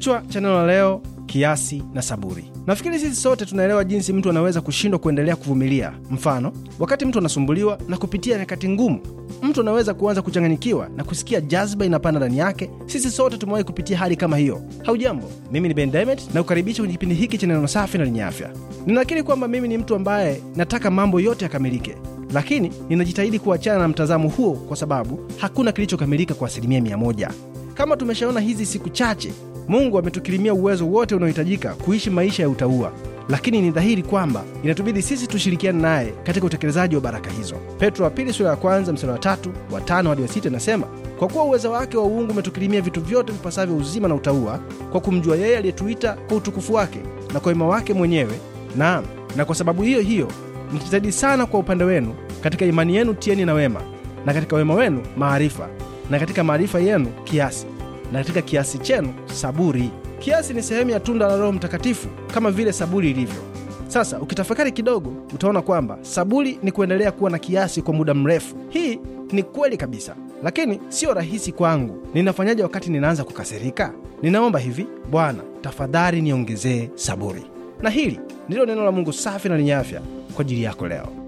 Kichwa cha neno la leo kiasi na saburi. Nafikiri sisi sote tunaelewa jinsi mtu anaweza kushindwa kuendelea kuvumilia. Mfano, wakati mtu anasumbuliwa na kupitia nyakati ngumu, mtu anaweza kuanza kuchanganyikiwa na kusikia jazba inapanda ndani yake. Sisi sote tumewahi kupitia hali kama hiyo. Haujambo, mimi ni Ben Demet na kukaribisha kwenye kipindi hiki cha neno safi na lenye afya. Ninakiri kwamba mimi ni mtu ambaye nataka mambo yote yakamilike, lakini ninajitahidi kuachana na mtazamo huo, kwa sababu hakuna kilichokamilika kwa asilimia mia moja. Kama tumeshaona hizi siku chache Mungu ametukirimia uwezo wote unaohitajika kuishi maisha ya utaua lakini ni dhahiri kwamba inatubidi sisi tushirikiane naye katika utekelezaji wa baraka hizo. Petro wa pili sura ya kwanza mstari wa tatu wa tano hadi wa sita inasema, kwa kuwa uwezo wake wa uungu umetukirimia vitu vyote vipasavyo uzima na utaua kwa kumjua yeye aliyetuita kwa utukufu wake na kwa wema wake mwenyewe. Naam, na kwa sababu hiyo hiyo mkijitahidi sana kwa upande wenu, katika imani yenu tieni na wema, na katika wema wenu maarifa, na katika maarifa yenu kiasi na katika kiasi chenu saburi. Kiasi ni sehemu ya tunda la Roho Mtakatifu kama vile saburi ilivyo. Sasa ukitafakari kidogo, utaona kwamba saburi ni kuendelea kuwa na kiasi kwa muda mrefu. Hii ni kweli kabisa, lakini siyo rahisi kwangu. Ninafanyaje wakati ninaanza kukasirika? Ninaomba hivi: Bwana, tafadhali niongezee saburi. Na hili ndilo neno la Mungu safi na lenye afya kwa ajili yako leo.